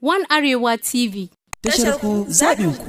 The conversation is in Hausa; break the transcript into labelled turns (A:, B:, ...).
A: One Arewa TV. Tashar ku zaɓin ku.